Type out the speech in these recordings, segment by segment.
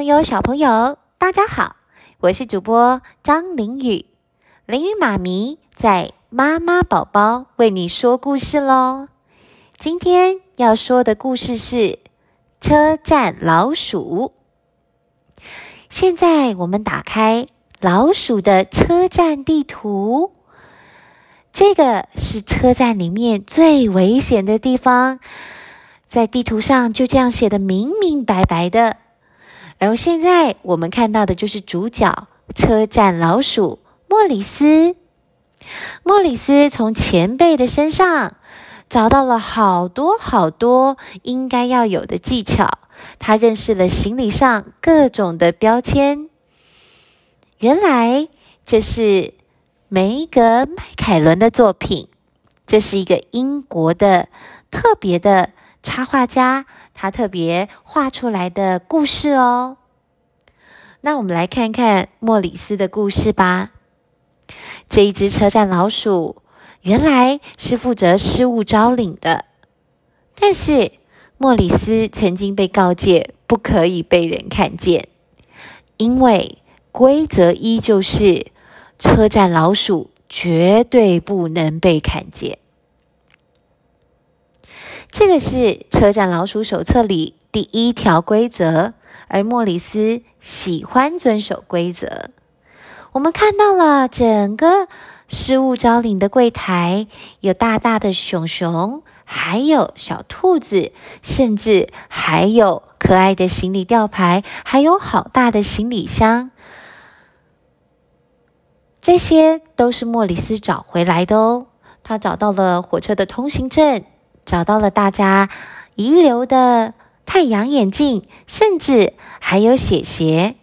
朋友小朋友，大家好，我是主播張齡予，齡予媽咪在媽媽寶寶為你說故事嘍。今天要說的故事是《車站老鼠》。現在我們打開老鼠的車站地圖，這個是車站裡面最危險的地方，在地圖上就這樣寫得明明白白的。然後現在我們看到的就是主角車站老鼠莫里斯。莫里斯從前輩的身上找到了好多好多應該要有的技巧。他認識了行李上各種的標籤。原來這是梅格麥凱倫的作品，這是一個英國的特別的插畫家。他特別畫出來的故事哦，那我們來看看莫里斯的故事吧。這一隻車站老鼠原來是負責失物招領的，但是莫里斯曾經被告誡不可以被人看見，因為規則一就是車站老鼠絕對不能被看見。這個是車站老鼠手冊裡第一條規則，而莫里斯喜歡遵守規則。我們看到了整個失物招領的櫃檯，有大大的熊熊，還有小兔子，甚至還有可愛的行李吊牌，還有好大的行李箱。這些都是莫里斯找回來的哦。他找到了火車的通行證。找到了大家遺留的太陽眼鏡，甚至還有雪靴。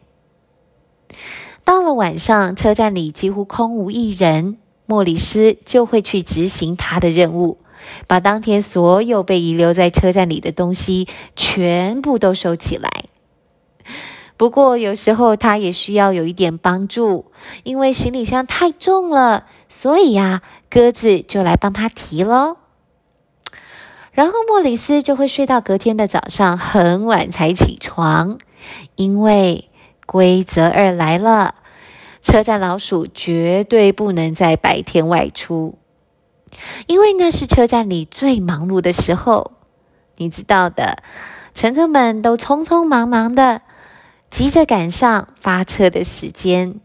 到了晚上，車站裡幾乎空無一人，莫里斯就會去執行他的任務，把當天所有被遺留在車站裡的東西全部都收起來。不過有時候他也需要有一點幫助，因為行李箱太重了，所以呀，鴿子就來幫他提嘍。然後莫里斯就會睡到隔天的早上，很晚才起床，因為規則二來了：車站老鼠絕對不能在白天外出，因為那是車站裡最忙碌的時候。你知道的，乘客們都匆匆忙忙的，急着趕上發車的時間。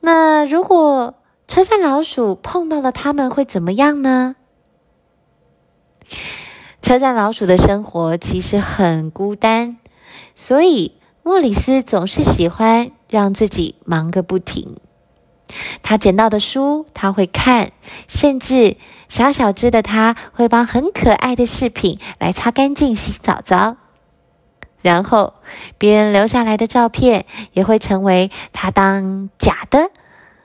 那如果車站老鼠碰到了，他們會怎麼樣呢？車站老鼠的生活其實很孤單，所以莫里斯總是喜歡讓自己忙個不停。他撿到的書他會看，甚至小小只的他會幫很可愛的飾品來擦乾淨、洗澡澡。然後別人留下來的照片也會成為他當假的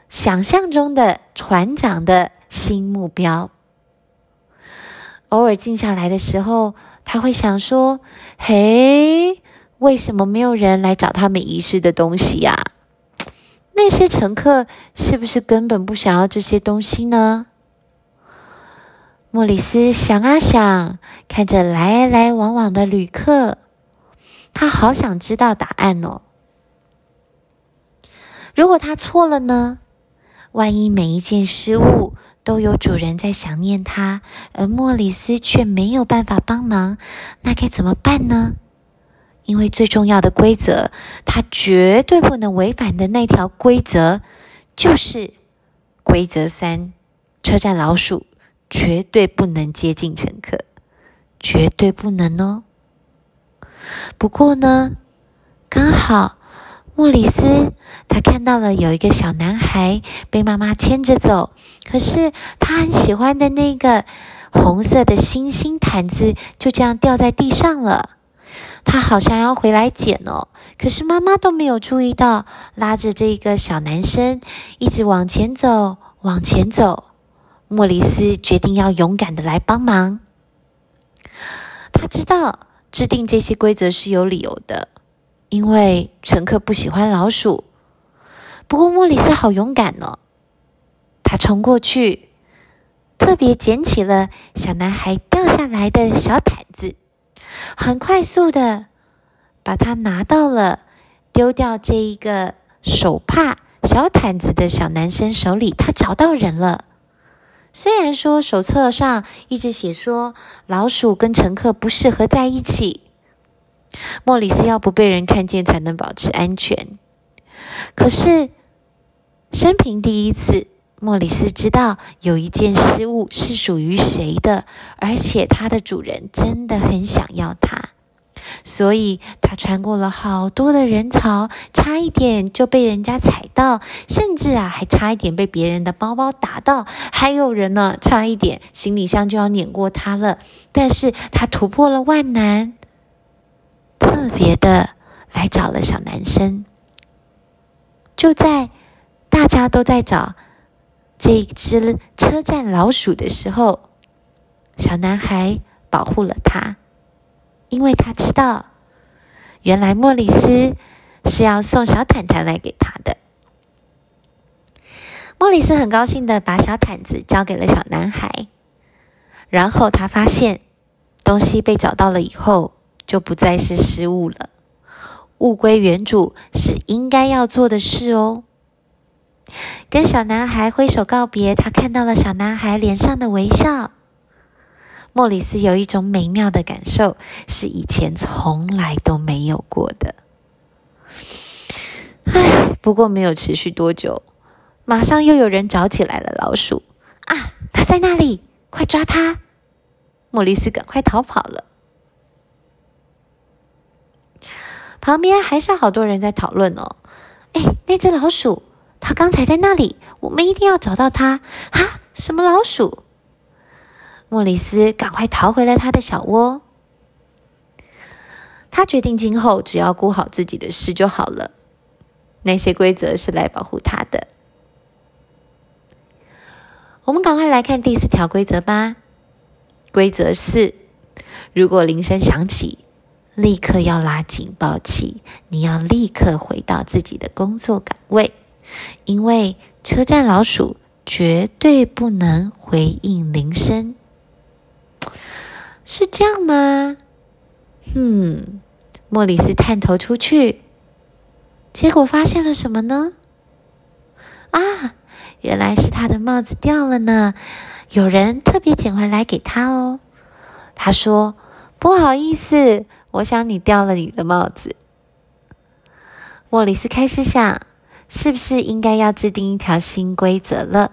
想象中的船長的新目標。偶爾靜下來的時候，他會想說：“嘿，為什麼沒有人來找他們遺失的東西呀？那些乘客是不是根本不想要這些東西呢？”莫里斯想啊想，看着來來往往的旅客，他好想知道答案哦。如果他錯了呢？萬一每一件失物都有主人在想念它，而莫里斯卻沒有辦法幫忙，那該怎麼辦呢？因為最重要的規則，他絕對不能違反的那條規則，就是規則三：車站老鼠絕對不能接近乘客，絕對不能哦。不過呢，剛好。莫里斯，他看到了有一個小男孩被媽媽牽着走，可是他很喜歡的那個紅色的星星毯子就這樣掉在地上了。他好像要回來撿哦，可是媽媽都沒有注意到，拉着這個小男生一直往前走，往前走。莫里斯決定要勇敢的來幫忙。他知道制定這些規則是有理由的。因為乘客不喜歡老鼠，不過莫里斯好勇敢哦，他衝過去，特別撿起了小男孩掉下來的小毯子，很快速的把它拿到了，丟掉這一個手帕小毯子的小男生手裡。他找到人了。雖然說手冊上一直寫說，老鼠跟乘客不適合在一起。莫里斯要不被人看見才能保持安全。可是，生平第一次，莫里斯知道有一件失物是屬於誰的，而且它的主人真的很想要它。所以，他穿過了好多的人潮，差一點就被人家踩到，甚至啊，還差一點被別人的包包打到，還有人呢、啊，差一點行李箱就要碾過他了。但是他突破了萬難。特別的來找了小男生，就在大家都在找這隻車站老鼠的時候，小男孩保護了他，因為他知道原來莫里斯是要送小毯毯來給他的。莫里斯很高興的把小毯子交給了小男孩，然後他發現東西被找到了以後。就不再是失誤了，物歸原主是應該要做的事哦。跟小男孩揮手告別，他看到了小男孩臉上的微笑。莫里斯有一種美妙的感受，是以前從來都沒有過的。唉，不過沒有持續多久，馬上又有人找起來了老鼠，啊，它在那裡，快抓它！莫里斯趕快逃跑了。旁邊還是好多人在討論哦。誒，那隻老鼠，它剛才在那裡，我們一定要找到它。啊，什麼老鼠？莫里斯趕快逃回了他的小窩。他決定今後只要顧好自己的事就好了。那些規則是來保護他的。我們趕快來看第四條規則吧。規則四：如果鈴聲響起。立刻要拉警報器！你要立刻回到自己的工作崗位，因為車站老鼠絕對不能回應鈴聲。是這樣嗎？哼、嗯，莫里斯探頭出去，結果發現了什麼呢？啊，原來是他的帽子掉了呢！有人特別撿回來給他哦。他說：“不好意思。”我想你掉了你的帽子，莫里斯開始想，是不是應該要制定一條新規則了？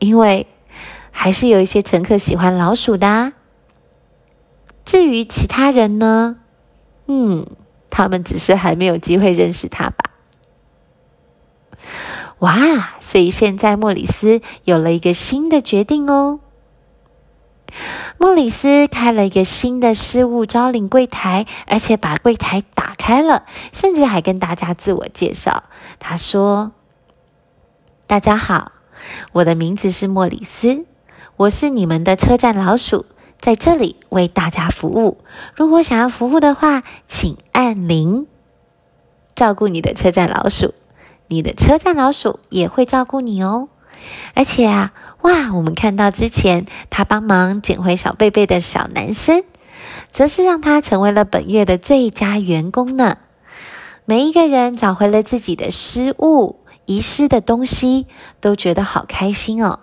因為還是有一些乘客喜歡老鼠的啊。至於其他人呢？嗯，他們只是還沒有機會認識他吧。哇！所以現在莫里斯有了一個新的決定哦。莫里斯開了一個新的失物招領櫃台，而且把櫃台打開了，甚至還跟大家自我介紹。他說：“大家好，我的名字是莫里斯，我是你們的車站老鼠，在這裡為大家服務。如果想要服務的話，請按鈴，照顧你的車站老鼠，你的車站老鼠也會照顧你哦。”而且啊，哇！我們看到之前他幫忙撿回小貝貝的小男生，則是讓他成為了本月的最佳員工呢。每一個人找回了自己的失物，遺失的東西，都覺得好開心哦。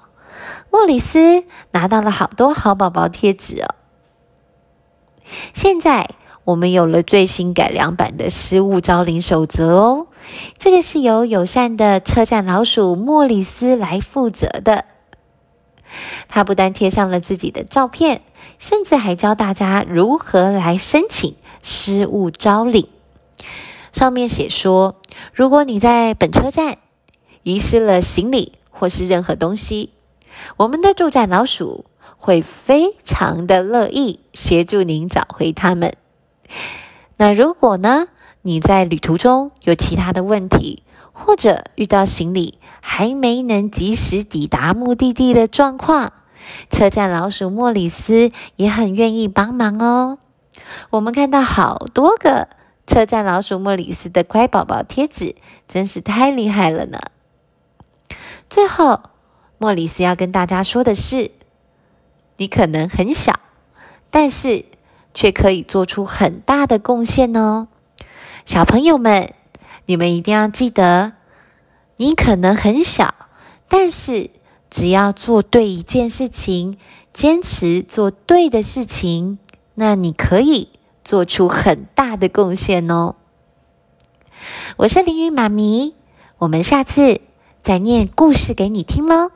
莫里斯拿到了好多好寶寶貼紙哦。現在我們有了最新改良版的失物招領守則哦。這個是由友善的車站老鼠莫里斯來負責的。他不但貼上了自己的照片，甚至還教大家如何來申請失物招領。上面寫說，如果你在本車站遺失了行李或是任何東西，我們的駐站老鼠會非常的樂意協助您找回它們。那如果呢？你在旅途中有其他的問題，或者遇到行李還沒能及時抵達目的地的狀況，車站老鼠莫里斯也很願意幫忙哦。我們看到好多個車站老鼠莫里斯的乖寶寶貼紙，真是太厲害了呢。最後，莫里斯要跟大家說的是，你可能很小，但是卻可以做出很大的貢獻哦。小朋友們，你們一定要記得，你可能很小，但是只要做對一件事情，堅持做對的事情，那你可以做出很大的貢獻哦。我是齡予媽咪，我們下次再念故事給你聽嘍。